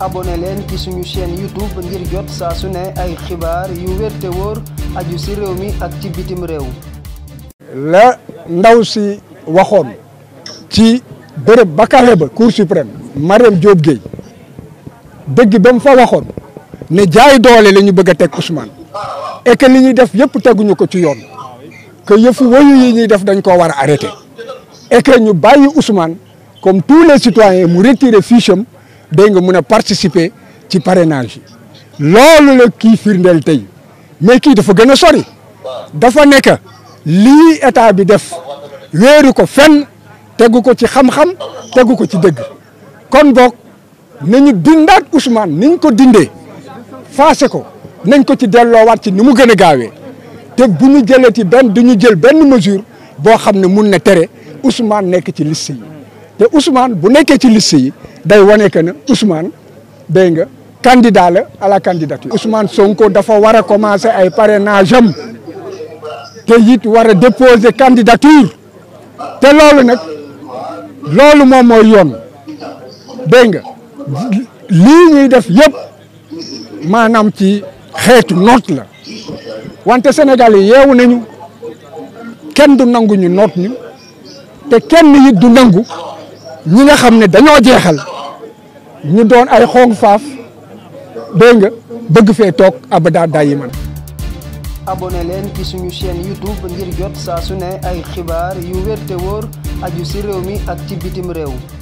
abonné leen ci suñu chaîne YouTube ngir jot saa su ne ay xibaar yu wér te wóor aju si réew mi ak ci bitim réew. la ndaw si waxoon ci bërëb bakare ba Cour suprême Mariam Diop Gueye dëgg ba mu fa waxoon ne jaay doole la ñu bëgg a teg Ousmane et que li ñuy def yëpp teguñu ko ci yoon que yëfu woyu yi ñuy def dañ ko war a arrêté et que ñu bàyyi Ousmane comme tous les citoyens mu retiré fiche dégg nga mun a participer ci parrainage yi loolu la kii firndeel tey mais kii dafa gën a sori dafa nekk lii état bi def wéeru ko fenn tegu ko ci xam-xam tegu ko ci dëgg kon boog nañu dindaat Ousmane niñ ko dindee faase ko nañ ko ci delloowaat ci ni mu gën a gaawee te bu ñu jëlee ci benn du ñu jël benn mesure boo xam ne mun na tere Ousmane nekk ci liste yi te Ousmane bu nekkee ci liste yi day wane que ne Ousmane dégg nga candidat la à la candidature. Ousmane Sonko dafa war a commencer ay parrainage am te it war a déposer candidature te loolu nag loolu moom mooy yoon dégg nga lii ñuy def yëpp maanaam ci xeetu noot la wante Sénégal yi yeewu nañu kenn du nangu ñu noot ñu te kenn it du nangu ñi nga xam ne dañoo jeexal. ñu doon ay xong faaf dégg nga bëgg fee toog abada dayi man abonné leen ci suñu chaîne youtube ngir jot saa su ne ay xibaar yu wér te wóor aju si réew mi ak ci bitim réew